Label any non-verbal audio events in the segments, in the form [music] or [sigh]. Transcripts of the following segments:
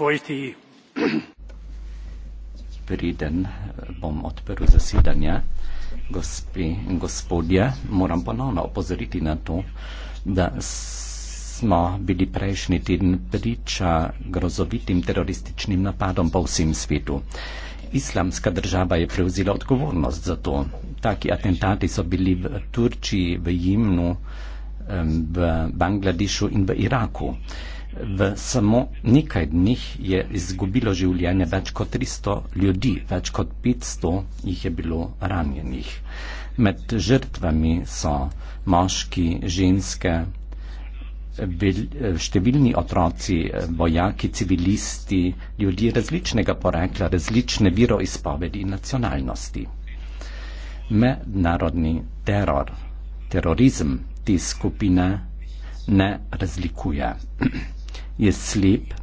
Vojti. Priden eh, bom odprl zasedanje gospe in gospodje. Moram ponovno opozoriti na to, da smo bili prejšnji teden priča grozovitim terorističnim napadom po vsem svetu. Islamska država je prevzela odgovornost za to. Taki atentati so bili v Turčiji, v Jimnu, v Bangladešu in v Iraku. V samo nekaj dneh je izgubilo življenje več kot 300 ljudi, več kot 500 jih je bilo ranjenih. Med žrtvami so moški, ženske, številni otroci, vojaki, civilisti, ljudje različnega porekla, različne viroizpovedi in nacionalnosti. Mednarodni teror, terorizem te skupine ne razlikuje. [clears throat] Je slep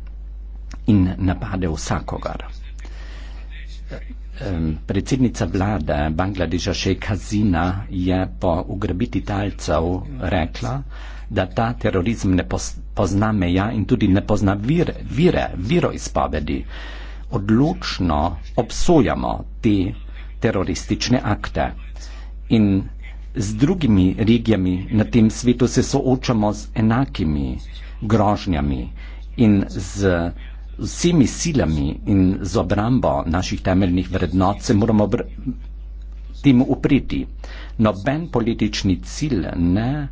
in napade vsakogar. Predsednica vlade Bangladeža Šejka Zina je po ugrabiti talcev rekla, da ta terorizem ne pozna meja in tudi ne pozna vire, vire viro izpovedi. Odločno obsojamo te teroristične akte in z drugimi regijami na tem svetu se soočamo z enakimi grožnjami in z vsemi silami in z obrambo naših temeljnih vrednot se moramo temu upriti. Noben politični cilj ne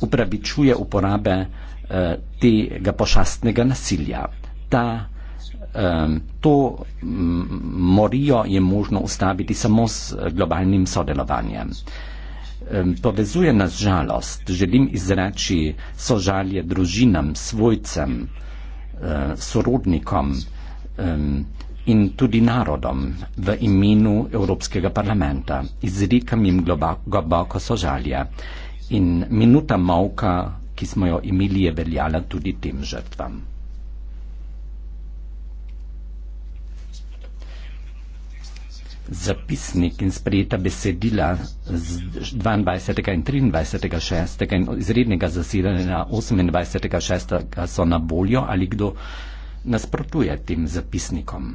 upravičuje uporabe eh, tega pošastnega nasilja. Ta, eh, to morijo je možno ustaviti samo s globalnim sodelovanjem. Eh, povezuje nas žalost. Želim izreči sožalje družinam, svojcem, eh, sorodnikom in tudi narodom v imenu Evropskega parlamenta. Izrekam jim globoko sožalje in minuta mavka, ki smo jo imeli, je veljala tudi tem žrtvam. zapisnik in sprejeta besedila z 22. in 23. 6. in izrednega zasedanja 28. 6. so na voljo ali kdo nasprotuje tem zapisnikom.